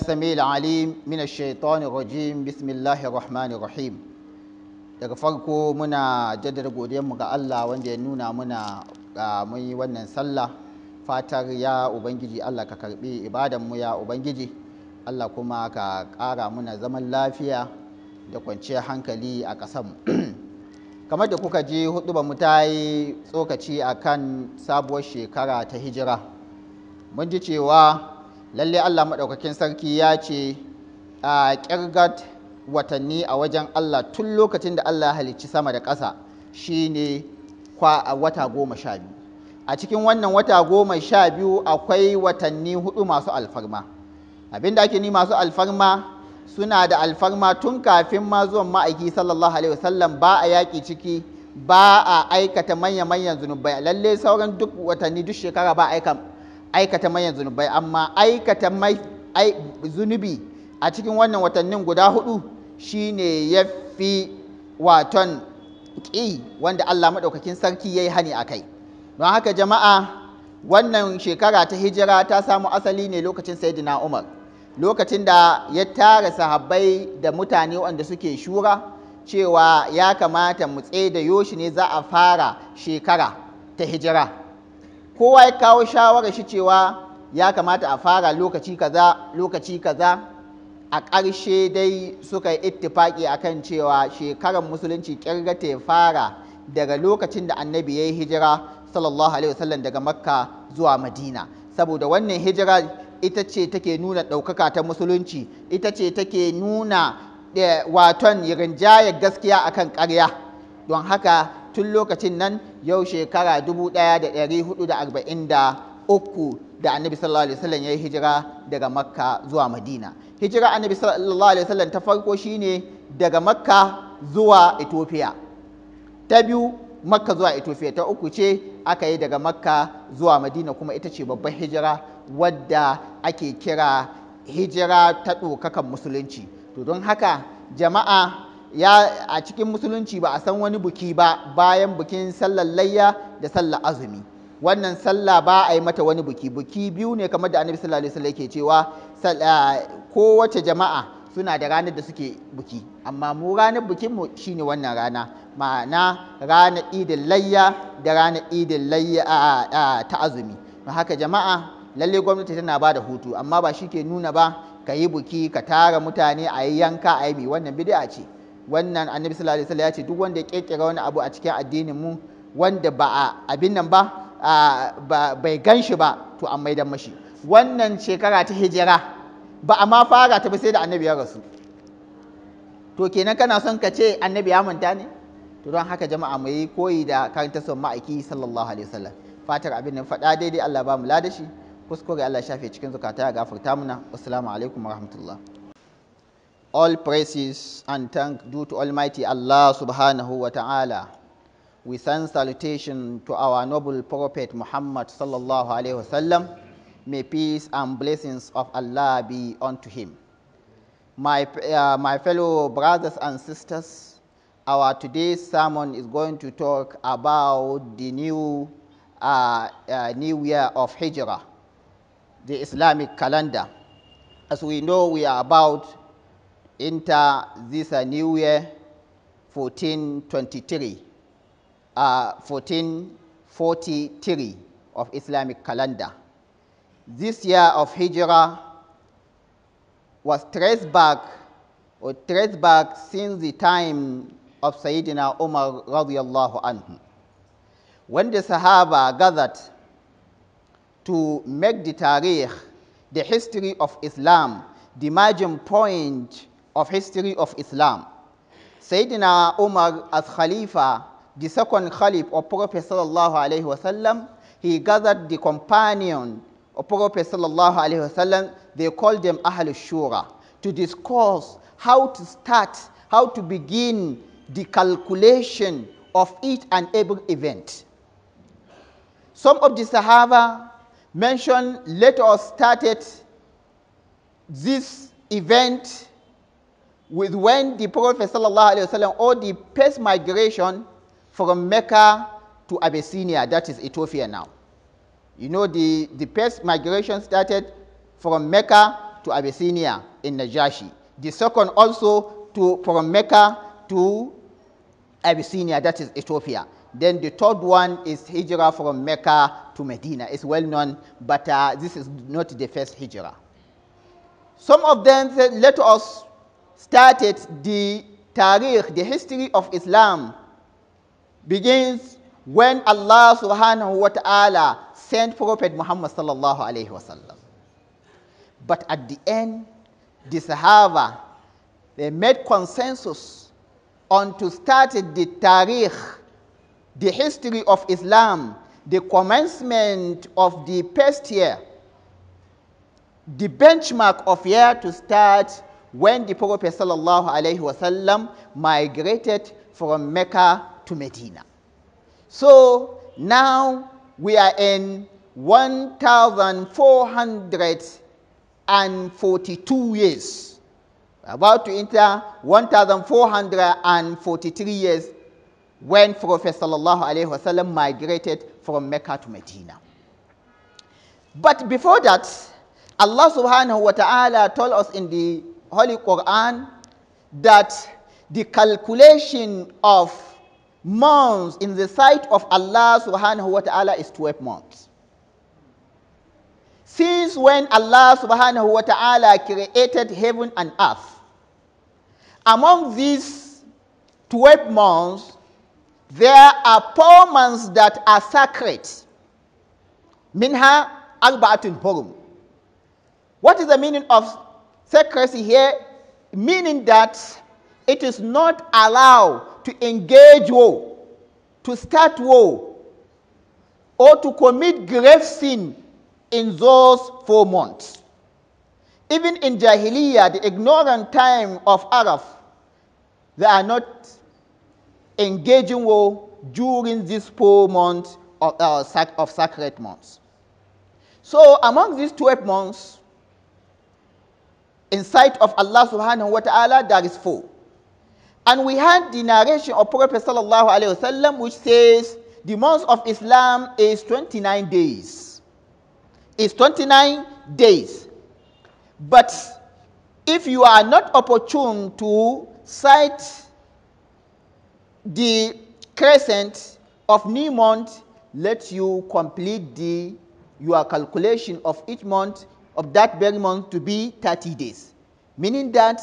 السميع العليم من الشيطان الرجيم بسم الله الرحمن الرحيم daga farko muna jaddada mu ga Allah wanda ya nuna muna ah, mun yi wannan sallah fatar ya ubangiji Allah ka karbi ibadanmu ya ubangiji Allah kuma ka ƙara muna zaman lafiya da kwanciyar hankali a ƙasanmu kamar da kuka ji hudu mu ta yi tsokaci akan sabuwar shekara ta hijira mun ji cewa lalle Allah maɗaukakin sarki ya ce a ƙirgat watanni a wajen Allah tun lokacin da Allah halicci sama da ƙasa shine kwa a wata goma sha biyu a cikin wannan wata goma sha biyu akwai watanni hudu masu alfarma abinda ake ni masu alfarma suna da alfarma tun kafin ma zuwan ma'aiki sallallahu alaihi wasallam ba a yaƙi ciki ba a aikata manya-manyan zunubai lalle sauran duk watanni duk shekara ba a aika aikata manyan zunubai amma aikata mai zunubi a cikin wannan watannin guda hudu shine ya fi waton ƙi wanda Allah maɗaukakin sarki ya yi hani a kai don haka jama'a wannan shekara ta hijira ta samu asali ne lokacin saidina umar lokacin da ya tara sahabbai da mutane wanda suke shura cewa ya kamata mu tsaye da yoshi ne za a fara shekara ta hijira kowa ya kawo shawarar shi cewa ya kamata a fara lokaci kaza lokaci kaza a ƙarshe dai suka yi ittifaki akan cewa shekarar musulunci ƙirga ta fara daga lokacin da annabi ya yi hijira sallallahu alaihi wasallam daga makka zuwa madina saboda wannan hijira ita ce take nuna ɗaukaka ta musulunci ita ce take nuna eh, waton rinjayar gaskiya akan ƙarya don haka tun lokacin nan yau shekara 1443 da annabi sallallahu alaihi wasallam ya yi hijira daga makka zuwa madina hijira annabi sallallahu alaihi wasallam ta farko shine daga makka zuwa ethiopia ta biyu makka zuwa ethiopia ta uku ce aka yi daga makka zuwa madina kuma ita ce babbar hijira wadda ake kira hijira ta ɗaukakan musulunci to don haka jama'a ya a cikin musulunci ba a san wani buki ba bayan bukin sallar layya da sallar azumi wannan sallah ba a yi mata wani buki buki biyu ne kamar da annabi sallallahu alaihi wasallam yake cewa eh, kowace jama'a suna da ranar da suke buki amma mu ranar bukin mu shine wannan rana ma'ana ranar idin layya da ranar idin layya ta azumi haka jama'a lalle gwamnati tana ba da hutu amma ba shi ke nuna ba ka yi buki ka tara mutane a yi yanka a yi mai wannan bid'a ce wannan annabi sallallahu alaihi wasallam ya ce duk wanda ya kirkira wani abu a cikin addinin mu wanda ba a abin nan ba bai gan shi ba to an maidan mashi wannan shekara ta hijira ba a ma fara ta ba sai da annabi ya rasu to kenan kana son ka ce annabi ya manta ne to don haka jama'a mu yi koyi da karanta son ma'aiki sallallahu alaihi wasallam fatar abin nan faɗa daidai Allah ba mu ladashi kuskure Allah shafe cikin zukata ya gafarta muna assalamu alaikum warahmatullahi All praises and thanks due to Almighty Allah subhanahu wa ta'ala. We send salutation to our noble prophet Muhammad sallallahu alaihi wasallam. May peace and blessings of Allah be unto him. My, uh, my fellow brothers and sisters, our today's sermon is going to talk about the new uh, uh, new year of Hijrah, the Islamic calendar. As we know, we are about enter this uh, new year 1423, uh, 1443 of Islamic calendar. This year of Hijrah was traced back or traced back since the time of Sayyidina Umar radiallahu anhu. When the Sahaba gathered to make the tarikh, the history of Islam, the margin point of history of Islam. Sayyidina Umar as Khalifa, the second Khalifah of Prophet sallallahu alaihi wasallam, he gathered the companion of Prophet sallallahu alaihi wasallam, they called them Ahlul Shura, to discuss how to start, how to begin the calculation of each and every event. Some of the Sahaba mentioned, let us start it, this event with when the Prophet وسلم, or the first migration from Mecca to Abyssinia, that is Ethiopia now. You know, the, the first migration started from Mecca to Abyssinia in Najashi. The second also to, from Mecca to Abyssinia, that is Ethiopia. Then the third one is Hijra from Mecca to Medina. It's well known, but uh, this is not the first Hijra. Some of them said, let us started the tariq, the history of Islam, begins when Allah subhanahu wa ta'ala sent Prophet Muhammad sallallahu alayhi wasallam. But at the end, the Sahaba, they made consensus on to start the tariq, the history of Islam, the commencement of the past year, the benchmark of year to start when the Prophet wasallam migrated from Mecca to Medina. So now we are in 1,442 years, about to enter 1,443 years when Prophet wasallam migrated from Mecca to Medina. But before that, Allah subhanahu wa ta'ala told us in the Holy Quran that the calculation of months in the sight of Allah subhanahu wa ta'ala is 12 months. Since when Allah subhanahu wa ta'ala created heaven and earth, among these 12 months, there are four months that are sacred. Minha arba'atun hurum. What is the meaning of secrecy here, meaning that it is not allowed to engage war, to start war, or to commit grave sin in those four months. Even in Jahiliyyah, the ignorant time of Arab, they are not engaging war during these four months of, uh, of sacred months. So among these 12 months, in sight of Allah subhanahu wa ta'ala, there is four. And we had the narration of Prophet sallallahu alayhi wasallam which says the month of Islam is 29 days. It's 29 days. But if you are not opportune to cite the crescent of new month, let you complete the your calculation of each month of that very month to be 30 days, meaning that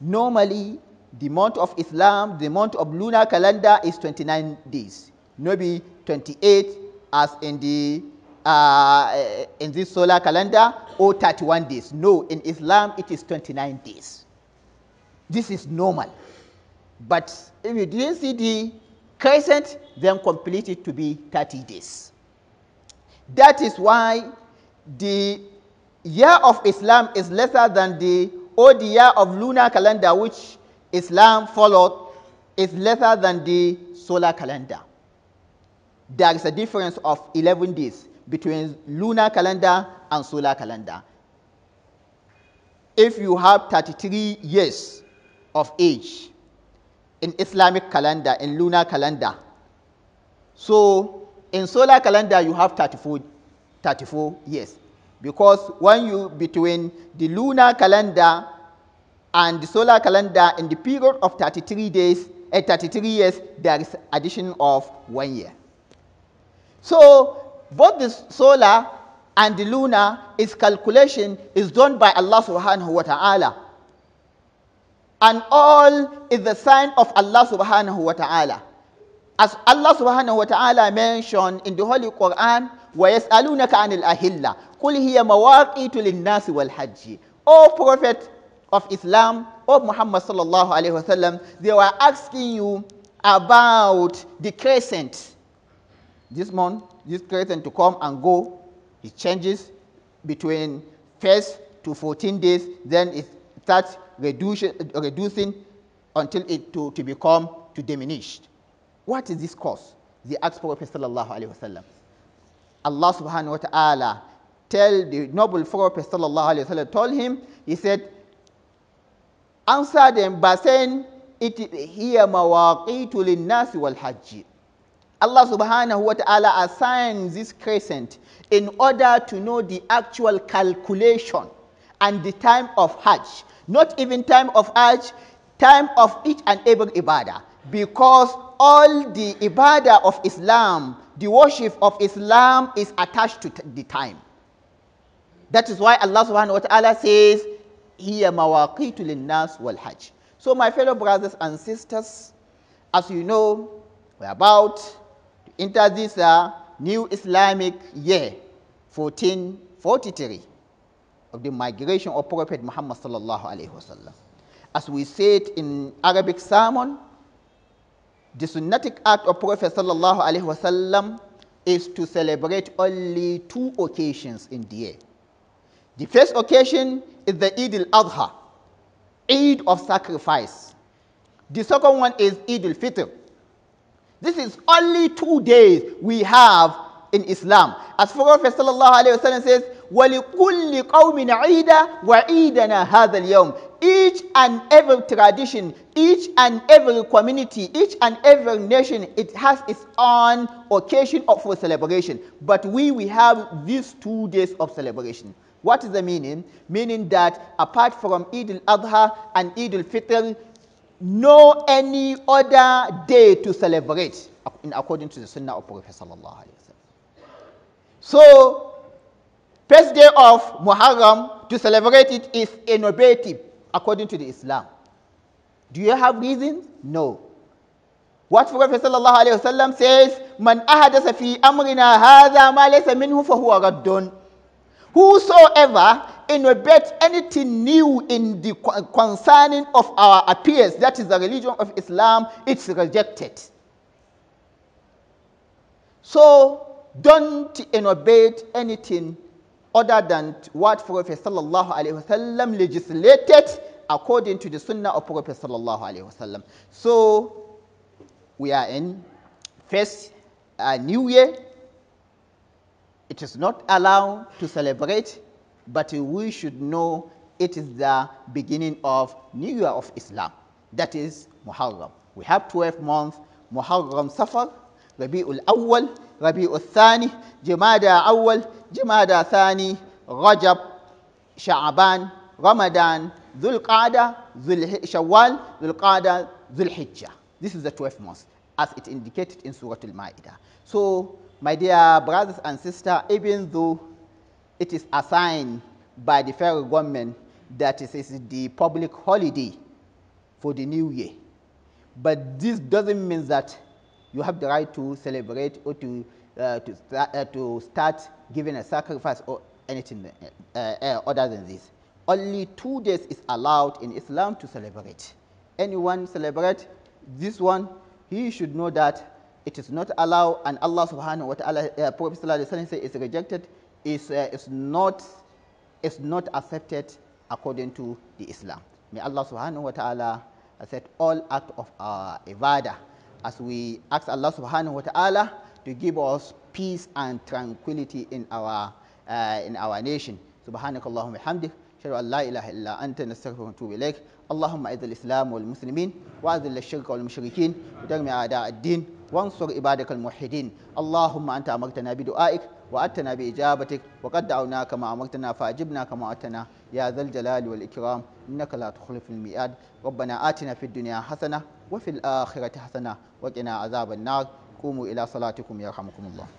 normally the month of Islam, the month of lunar calendar is 29 days, maybe 28 as in the uh, in this solar calendar or 31 days. No, in Islam it is 29 days. This is normal. But if you didn't see the crescent, then complete it to be 30 days. That is why the year of Islam is lesser than the old year of lunar calendar which Islam followed is lesser than the solar calendar. There is a difference of 11 days between lunar calendar and solar calendar. If you have 33 years of age in Islamic calendar, in lunar calendar, so in solar calendar you have 34, 34 years because when you between the lunar calendar and the solar calendar in the period of 33 days at eh, 33 years there is addition of one year so both the solar and the lunar is calculation is done by allah subhanahu wa ta'ala and all is the sign of allah subhanahu wa ta'ala as Allah subhanahu wa ta'ala mentioned in the Holy Quran, وَيَسْأَلُونَكَ عَنِ الْأَهِلَّةِ قُلْ هِيَ مَوَاقِيتُ لِلنَّاسِ وَالْحَجِّ O Prophet of Islam, O Muhammad sallallahu alayhi wa sallam, they were asking you about the crescent. This month, this crescent to come and go, it changes between first to 14 days, then it starts reducing until it to, to become to diminish. What is this cause? The acts of Prophet sallallahu alaihi wasallam. Allah subhanahu wa ta'ala tell the noble Prophet sallallahu alaihi wasallam told him, he said, answer them by saying, it here mawaqitu linnasi wal hajj. Allah subhanahu wa ta'ala assigns this crescent in order to know the actual calculation and the time of Hajj. Not even time of Hajj, time of each and every ibadah. Because all the ibadah of Islam, the worship of Islam is attached to the time. That is why Allah subhanahu wa ta'ala says, nas wal hajj. So my fellow brothers and sisters, as you know, we're about to enter this uh, new Islamic year, 1443, of the migration of Prophet Muhammad sallallahu wasallam. As we said in Arabic sermon, the Sunnatic act of Prophet sallallahu alaihi wasallam is to celebrate only two occasions in the year. The first occasion is the Eid al-Adha, Eid of sacrifice. The second one is Eid al-Fitr. This is only two days we have in Islam. As Prophet sallallahu alaihi wasallam says, وَلِكُلِّ قَوْمٍ عِيدًا وَعِيدَنَا هَذَا الْيَوْمِ each and every tradition, each and every community, each and every nation, it has its own occasion of for celebration. But we, we have these two days of celebration. What is the meaning? Meaning that apart from Eid al-Adha and Eid al-Fitr, no any other day to celebrate in according to the Sunnah of Prophet sallallahu alaihi wasallam. So, first day of Muharram to celebrate it is innovative according to the Islam. Do you have reasons? No. What Prophet sallallahu alaihi wasallam says, Man ahadasa fi amrina hadha ma laysa minhu fahuwa raddun. Whosoever innovate anything new in the concerning of our appears, that is the religion of Islam, it's rejected. So don't innovate anything other than what Prophet sallallahu alayhi wasallam legislated according to the Sunnah of Prophet sallallahu alayhi wasallam. So we are in first uh, New Year. It is not allowed to celebrate, but we should know it is the beginning of New Year of Islam. That is Muharram. We have 12 months Muharram Safar, Rabi'ul Awwal, rabi'u thani jimada awwal jimada thani rajab sha'ban ramadan dhulqa'da shawwal dhulqa'da dhulhijjah this is the 12 months as it indicated in surah al-ma'idah so my dear brothers and sisters even though it is assigned by the federal government that it is the public holiday for the new year but this doesn't mean that you have the right to celebrate or to, uh, to, uh, to start giving a sacrifice or anything uh, uh, other than this. Only two days is allowed in Islam to celebrate. Anyone celebrate this one, he should know that it is not allowed and Allah subhanahu wa ta'ala, uh, Prophet says is rejected, is, uh, is, not, is not accepted according to the Islam. May Allah subhanahu wa ta'ala accept all act of our ibadah as we ask Allah subhanahu wa ta'ala to give us peace and tranquility in our uh, in our nation subhanak allahumma hamdik shar wa la ilaha illa anta nastaghfiruka wa natubu ilaik allahumma a'iz al islam wal muslimin wa azil shirka wal mushirikin wa tajmi' al a'da' al din wa ansur ibadak al muhiddin bi du'aik wa atana bi ijabatik wa qad da'awna kama amartana fa ajibna kama atana ya zal jalali wal ikram innaka la tukhlifu ati mi'ad rabbana atina fid wa fil akhirati hasana wa azaban na qumu ila salatikum yarhamukumullah